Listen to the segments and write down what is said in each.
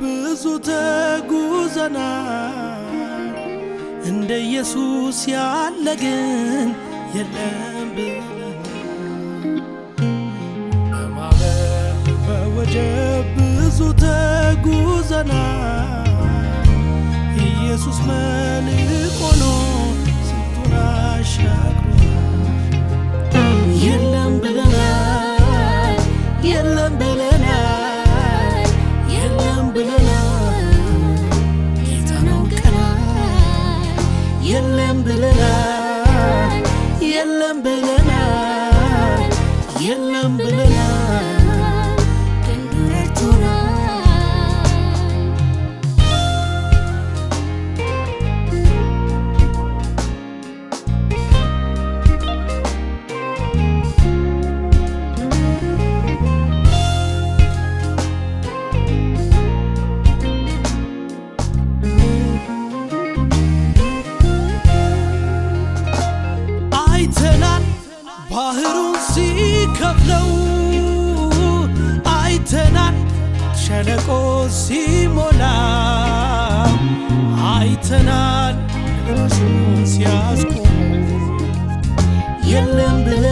ብዙ ተጉዘናል፣ እንደ ኢየሱስ ያለ ግን የለም ብለናል። በወጀብ ብዙ ተጉዘናል፣ ኢየሱስ መልሕቅ ሆኖ ስንቱን የለም ብለናል ብለናል ጌታ ነው ቀና የለም ብለናል የለም ብለናል የለም ብለናል ሲከፍለው አይተናል ሸለቆ ሲሞላ አይተናል ራሱን የለም ብለ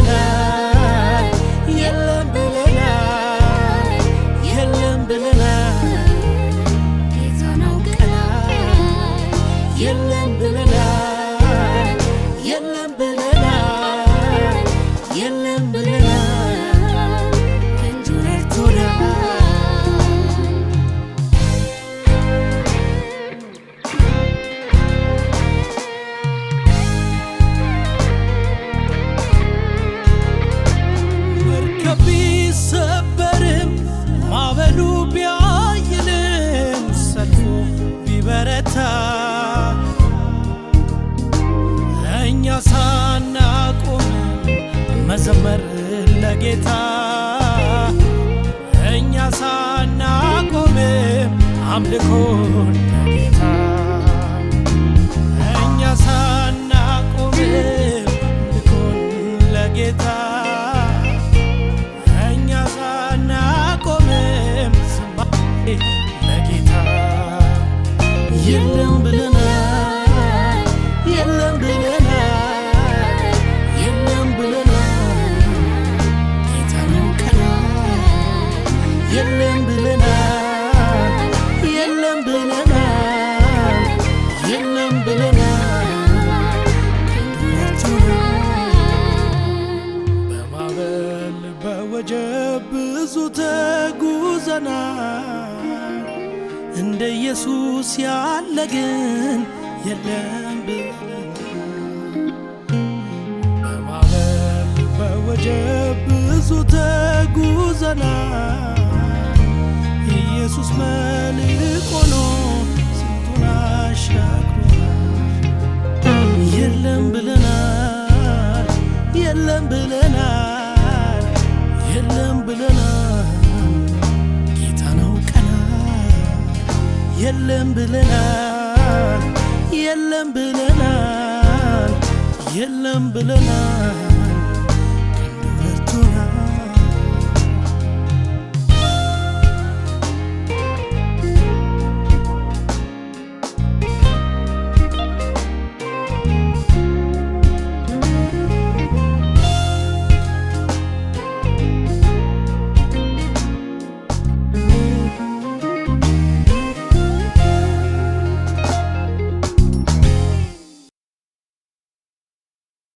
ጌታ እኛ ሳናቆም አምልኮን ለጌታ እኛ ሳናቆም አምልኮን እኛ ለጌታ የለም ብለና ብዙ ተጉዘናል፣ እንደ ኢየሱስ ያለ ግን የለም ብለናል። በማዕበል በወጀብ ብዙ ተጉዘናል፣ ኢየሱስ ሆኖ ስንቱን አሻግሮናል። የለም ብለናል፣ የለም ብለናል የለም ብለናል የለም ብለናል የለም ብለናል የለም ብለናል